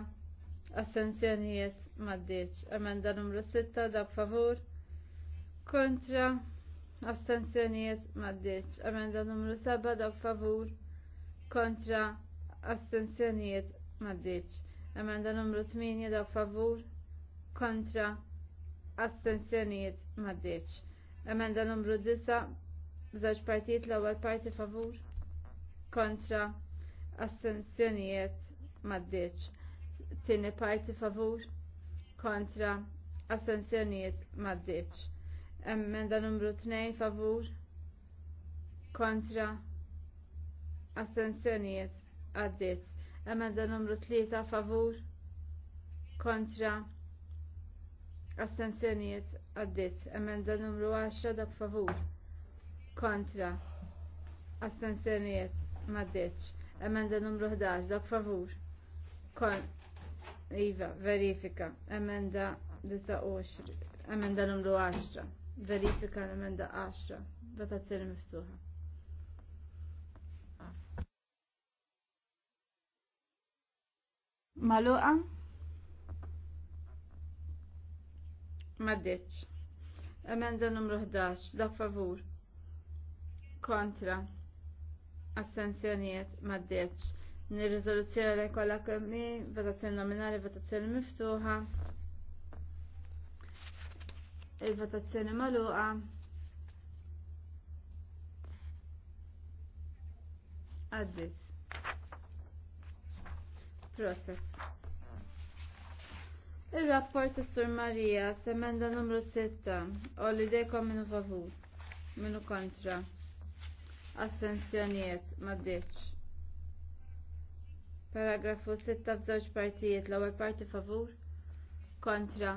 astenzjonijiet ma' d-diet. Avenda numru 6 da' favur kontra astenzjonijiet ma' d-diet. Avenda numru 7 dak favur kontra kontra astensjonijiet maddiċ. Emenda numru 8 da favur kontra astensjonijiet maddiċ. Emenda numru 9 zaċ partijiet l-ewwel parti favur kontra astensjonijiet maddiċ. Tieni parti favur kontra astensjonijiet maddiċ. Emenda numru 2 favur kontra astensjonijiet għaddit. Emenda numru 3 favur kontra astensjonijiet għaddit. Emenda numru 10 dak favur kontra astensjonijiet maddeċ. Emenda numru 11 dak favur kon Iva, verifika. Emenda 19. Emenda numru 10. Verifika l-emenda 10. Votazzjoni miftuħa. Maluqa? Maddeċ. Emenda numru 11. Da favur. Kontra. Astenzjoniet. Maddeċ. nir li kollha kemmi, votazzjoni nominali, votazzjoni miftuħa. Il-votazzjoni maluqa. Għaddit. Process. Il-rapport tas Sur Marija semenda numru 6 u li dejkom minu favur, minu kontra. Astenzjonijiet maddiċ. Paragrafu 6 f'żewġ partijiet l-ewwel parti favur, kontra.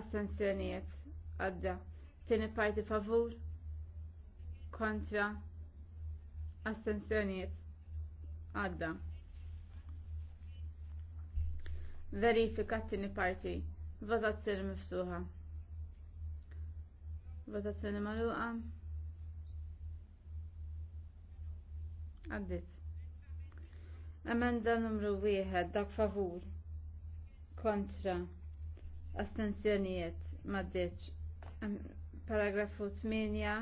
Astenzjonijiet għadda. Tieni parti favur, kontra. Astenzjonijiet għadda. Verifika t-tini parti. Votazzjoni mifsuħa. Votazzjoni maluqa. Għaddit. Emenda numru wieħed dak favur. Kontra. Astenzjonijiet. Maddeċ. Paragrafu 8.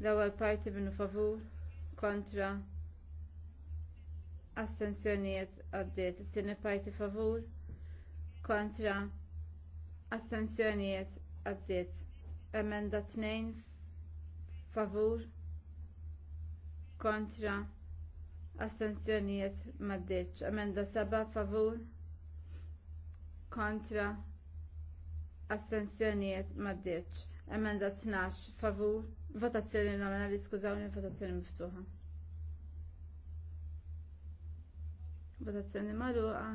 L-ewwel parti minnu favur. Kontra astensjonijiet għaddiet it-tieni parti favur kontra astensjonijiet għaddiet emenda tnejn favur kontra astensjonijiet m'għaddietx emenda seba' favur kontra astensjonijiet m'għaddietx emenda 12 favur votazzjoni nominali skużawni votazzjoni miftuħa votazione magħluqa.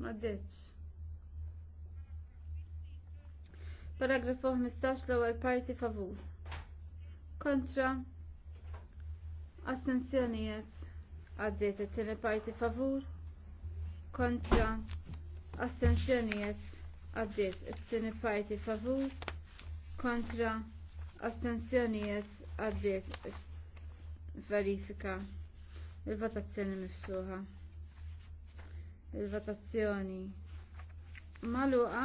Ma paragrafo Paragrafu 15 l-ewwel parti favur. Kontra. Astenzjonijiet. Għaddiet it-tieni parti favur. Kontra. Astenzjonijiet. Għaddiet it-tieni parti favur. Kontra. Astenzjonijiet għaddiet verifika il-votazzjoni mifsuħa il-votazzjoni maluqa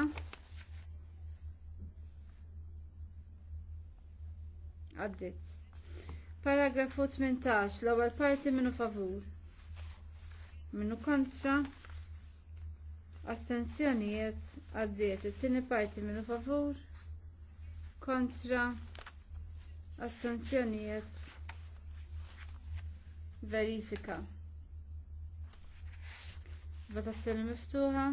għaddiet paragrafu 18 l-ewwel parti minnu favur minnu kontra astensjonijiet għaddiet it-tieni parti minnu favur kontra Astenzjonijiet verifika. Votazzjoni miftuħa.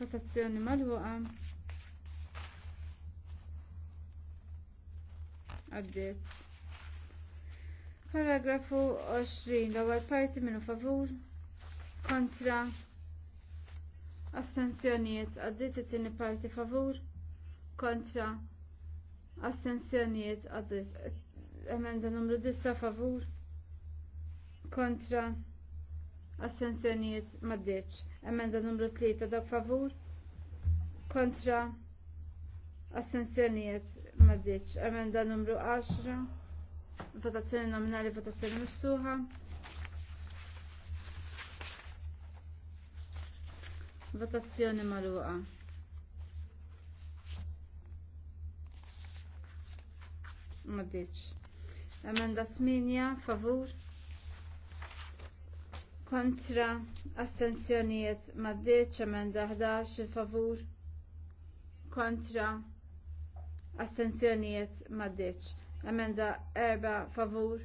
Votazzjoni malħuqa. Għaddiet. Paragrafu 20, l-ewwel parti minnu favur kontra Astenzjonijiet għaddit it-tieni parti favur kontra astenzjonijiet għaddit emenda numru 9 favur kontra astenzjonijiet maddeċ. Emenda numru 3 dak favur kontra astenzjonijiet maddeċ. Emenda numru 10 votazzjoni nominali votazzjoni miftuħa. Votazzjoni maluqa. Madiċ. Emenda 8, favur. Kontra, astensjonijiet, maddiċ, emenda 11, favur. Kontra, astensjonijiet, maddiċ. Emenda 4, favur.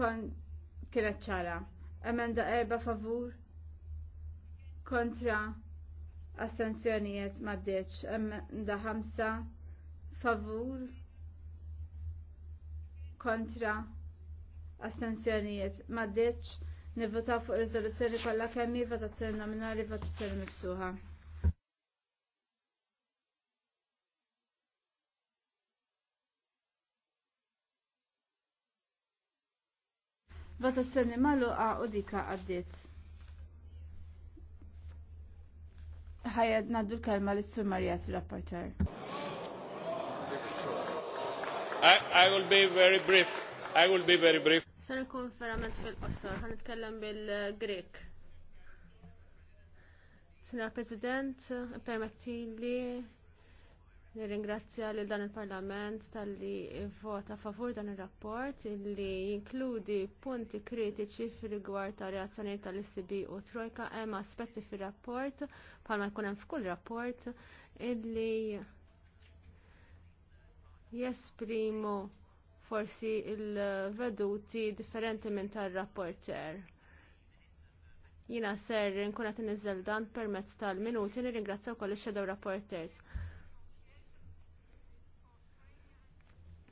Kon, kienet ċara. Emenda 4, favur kontra astensjonijiet maddeċ da ħamsa favur kontra astensjonijiet maddeċ nivvotaw fuq riżoluzzjoni kollha kemm hi votazzjoni nominali votazzjoni mifsuħa. votazzjoni magħluqa u dika għaddiet. ħajad naddu l-kelma l sur Marjat rapporter. I, will be very brief. I will be very brief. Sar ikun verament fil-qosor, ħan nitkellem bil-Grek. Sena President, permetti li Nirringrazzja lil dan il-Parlament tal-li vota favur dan il-rapport li jinkludi punti kritiċi fil-rigward ta' reazzjoni tal-ICB u Trojka hemm aspetti fil-rapport bħalma jkun hemm f'kull rapport illi jesprimu forsi il-veduti differenti minn tar-rapporter jina ser nkunet nizzel dan permezz tal-minuti nirringrazzja wkoll ix-shadow rapporters.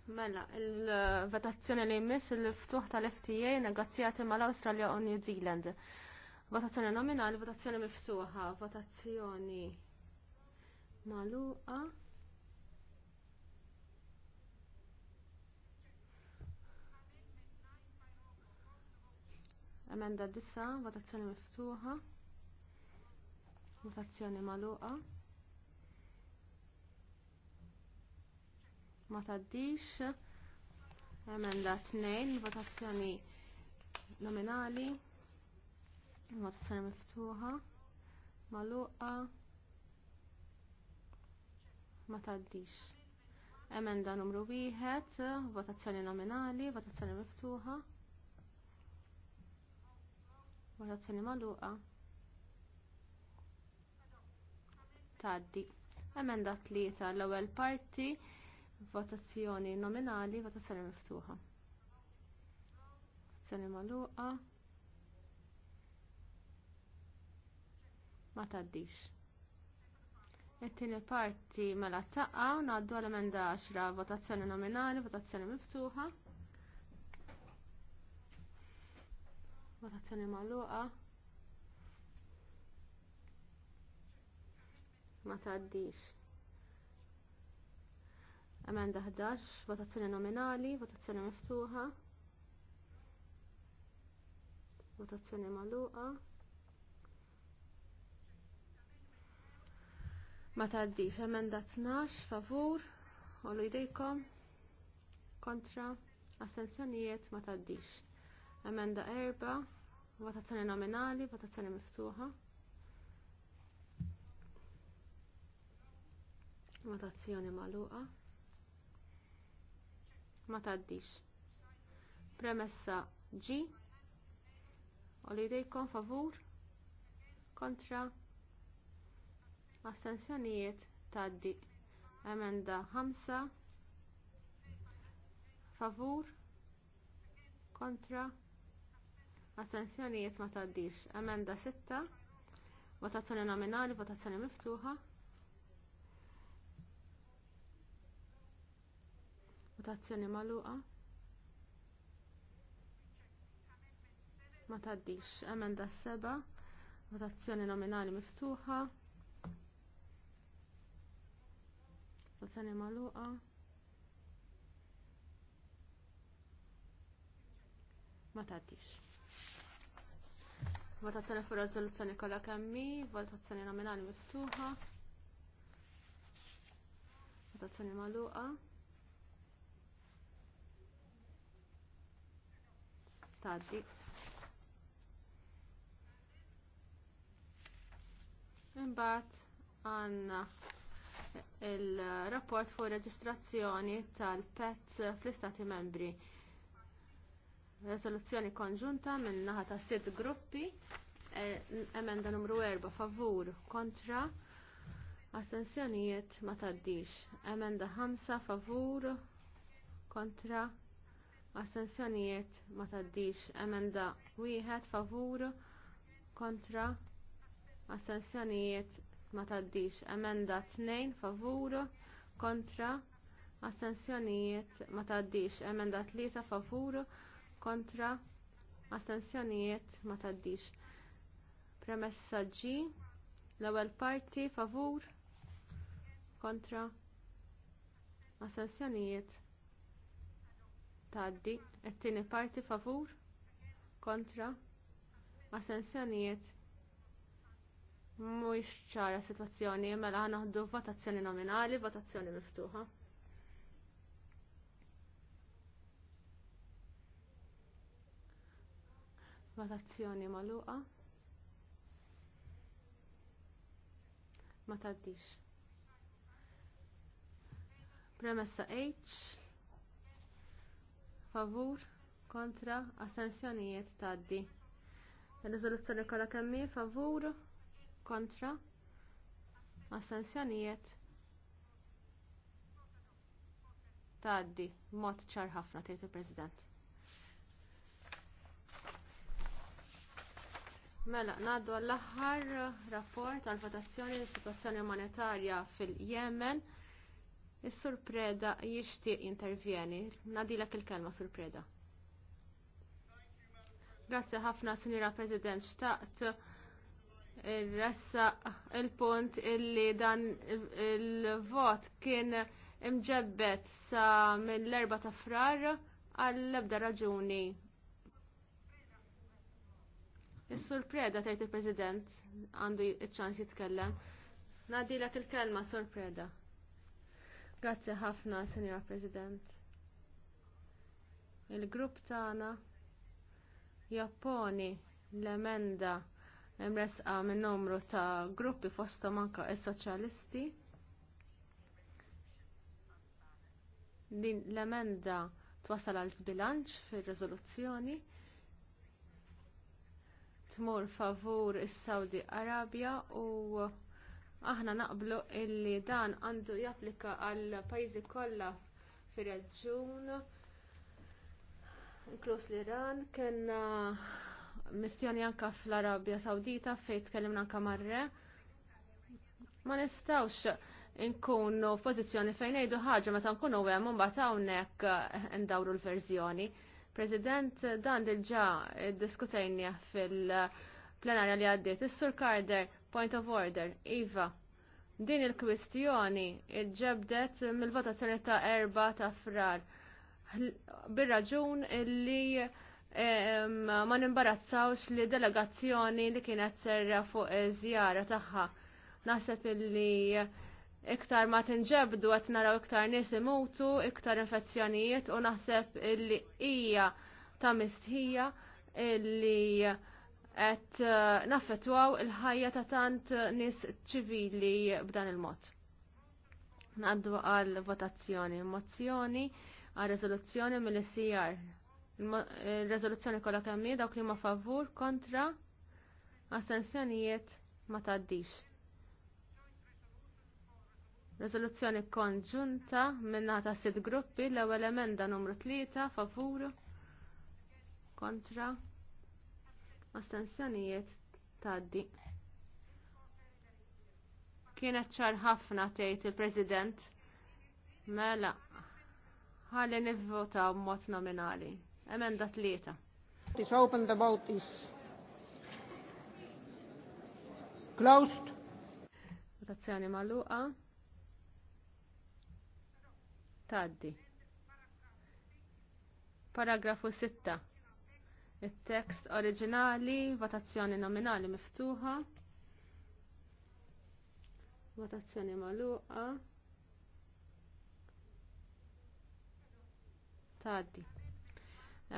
Mela, il-votazzjoni li jmiss il-ftuħ tal-FTA negozjati mal-Australia u New Zealand. Votazzjoni nominali, votazzjoni miftuħa, votazzjoni maluqa. Emenda disa, votazzjoni miftuħa, votazzjoni maluqa. ma taddix emenda 2 votazzjoni nominali votazzjoni miftuħa maluqa ma taddix emenda numru 1 votazzjoni nominali votazzjoni miftuħa votazzjoni maluqa taddi emenda 3 l-ewwel parti votazzjoni nominali, votazzjoni miftuħa. Votazzjoni magħluqa. Ma taddix. It-tieni parti mela taqqa u ngħaddu għal emenda 10 votazzjoni nominali, votazzjoni miftuħa. Votazzjoni magħluqa. Ma taddix. Emenda 11, votazzjoni nominali, votazzjoni miftuħa. Votazzjoni maluqa. Ma taddix, emenda 12, favur, ollu jdejkom, kontra, assenzjonijiet, ma taddix. Emenda 4, votazzjoni nominali, votazzjoni miftuħa. Votazzjoni maluqa ma taddix. Premessa G u li favur kontra astensjonijiet taddi. Emenda 5 favur kontra astensjonijiet ma taddix. Emenda 6 votazzjoni nominali, votazzjoni miftuħa. Votazzjoni magħluqa. Ma taddix. Emenda seba. Votazzjoni nominali miftuħa. Votazzjoni magħluqa. ma taddix. Votazzjoni fuq riżoluzzjoni kollha kemmi, votazzjoni nominali miftuħa. Votazzjoni magħluqa. tgħaddi. Imbagħad għandna il-rapport fuq reġistrazzjoni tal-pets fl-Istati membri. Resoluzzjoni konġunta minn naħa ta' sitt gruppi, e, emenda numru 4 favur kontra, astensjonijiet ma taddix, emenda 5 favur kontra, astensjonijiet ma taddix emenda wieħed favur kontra astensjonijiet ma taddix emenda tnejn favur kontra astensjonijiet ma taddix emenda tlieta favur kontra astensjonijiet ma taddix premessa G l-ewwel parti favur kontra astensjonijiet tgħaddi qed-tieni parti favur kontra asensjonijiet? mhuwiex ċara sitwazzjoni mela ħanaħdu votazzjoni nominali, votazzjoni miftuħa. Votazzjoni magħluqa. Ma tgħaddix. Premessa H favur kontra astensjonijiet taddi. Ir-riżoluzzjoni kollha kemm hi favur kontra astensjonijiet Taddi. b'mod ċar ħafna tgħid il-President. Mela, ngħaddu għall-aħħar rapport għall votazzjoni l-situazzjoni umanitarja fil-Yemen. Is-Sur Preda jixtieq intervjeni. Nadilek il-kelma Sur Preda. Grazzi ħafna Sinjura President xtaqt il-ressa il-punt illi dan il-vot kien imġebbet sa mill-erba ta' frar għall-ebda raġuni. Is-Sur Preda tgħid il-President għandu iċ-ċans jitkellem. Nadilek il-kelma Sur preda tgħid il president għandu ċ ċans jitkellem nadilek il kelma sur preda Grazzi ħafna, Senjora President. Il-grupp tagħna japponi l-emenda mresqa minn numru ta' gruppi fosta manka is-soċjalisti. Din l-emenda twasal għal zbilanċ fir-riżoluzzjoni tmur favur is-Saudi Arabja u aħna naqblu illi dan għandu japplika għal pajjiżi kollha fir-reġjun inkluż l-Iran kellna missjoni anke fl-Arabja Sawdita fejn tkellimna anke marre. Ma nistgħux nkunu f'pożizzjoni fejn ngħidu ħaġa meta nkunu hemm imbagħad hawnhekk ndawru l-verżjoni. President dan diġà diskutejni fil- plenarja li għaddiet. Is-Sur Carter Point of order, Iva. Din il-kwistjoni ġebdet mill-votazzjoni ta' erba ta' frar. Bir-raġun illi ma nimbarazzawx li delegazzjoni li kienet serra fuq zjara tagħha. Naħseb illi iktar ma tinġebdu qed naraw iktar nies imutu, iktar infezzjonijiet u naħseb illi hija ta' mistħija illi qed eh, naffetwaw il-ħajja ta' tant eh, nies ċivili b'dan il-mod. Naddu għal votazzjoni, mozzjoni għal rezoluzzjoni mill-CR. E il-rezoluzzjoni kollha kemm dawk li ma favur kontra astensjonijiet ma tgħaddix. Rezoluzzjoni konġunta minna ta' sitt gruppi l-ewwel emenda numru 3 favur kontra astensjonijiet taddi. Kienet ċar ħafna tgħid il-President mela ħalli nivvota b'mod nominali. Emenda tlieta. open the vote is closed. Votazzjoni magħluqa. Taddi. Paragrafu 6. Il-tekst oriġinali, votazzjoni nominali miftuħa. Votazzjoni maluqa. Taddi.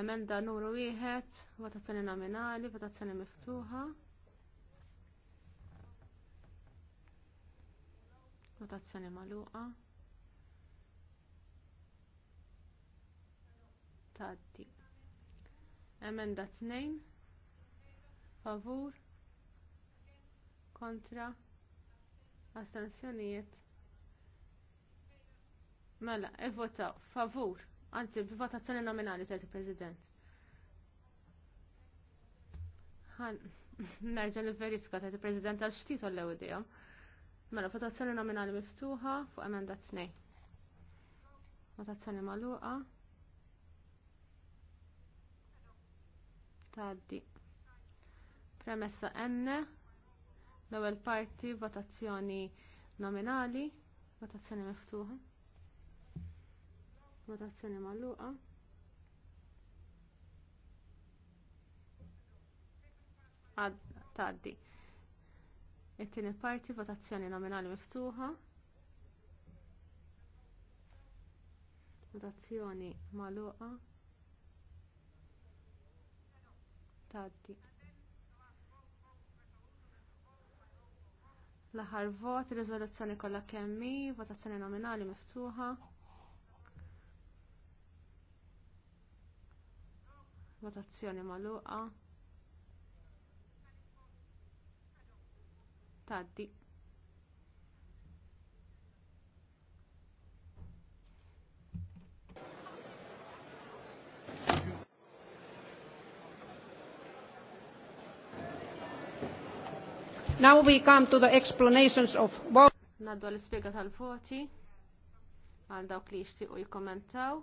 Emenda numru wieħed, votazzjoni nominali, votazzjoni miftuħa. Votazzjoni maluqa. Taddi. Emenda 2. Favur. Kontra. Astensjonijiet. Mela, evvotaw. Favur. Anzi, b'votazzjoni nominali tal president Ħan, *laughs* nerġa l-verifika tal president għal xtit għal l Mela, votazzjoni nominali miftuħa fuq emenda 2. Votazzjoni maluqa. Taddi. Premessa N. L-ewwel parti votazzjoni nominali, votazzjoni miftuħa. Votazzjoni magħluqa. Taddi. It-tieni parti votazzjoni nominali miftuħa. Votazzjoni magħluqa. taddi. L-aħħar vot, riżoluzzjoni kollha kemm kemmi, votazzjoni nominali miftuħa. Votazzjoni magħluqa. Taddi. Now we come to the explanations of vote. Naddu l spiega tal-voti għal dawk li jixtiequ jikkommentaw.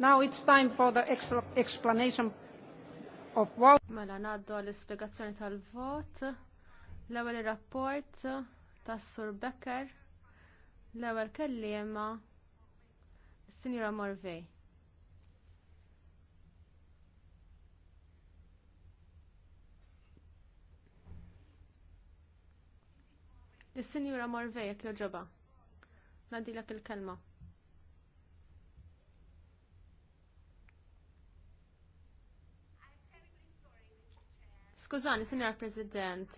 Now it's time for the explanation of vote. Mela naddu għall-ispiegazzjoni tal-vot. L-ewwel rapport tas-Sur Becker. L-ewwel kelliema Is-Sinjora Morvej. Is-Sinjura Morvej jekk joġoba. Nadilek il-kelma. Skużani, Sinjar President,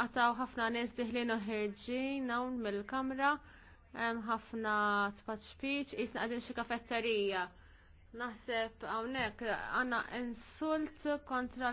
għataw ħafna nies diħlin uħirġin hawn mill-kamra, ħafna tpaċ speech, jisna għadin xi kafetterija. Naħseb hawnhekk għandna insult kontra